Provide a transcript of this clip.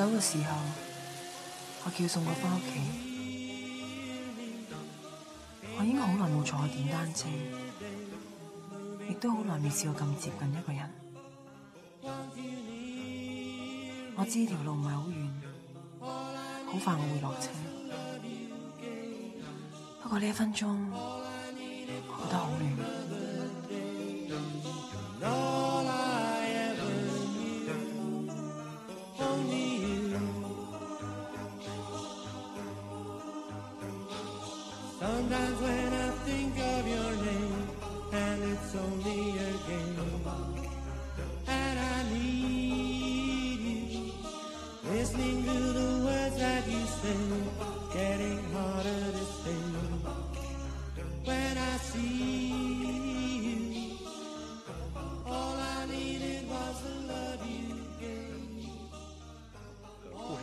走嘅時候，我叫佢送我翻屋企。我已經好耐冇坐過電單車，亦都好耐未試過咁接近一個人。我知條路唔係好遠，好快我會落車。不過呢一分鐘，我覺得好暖。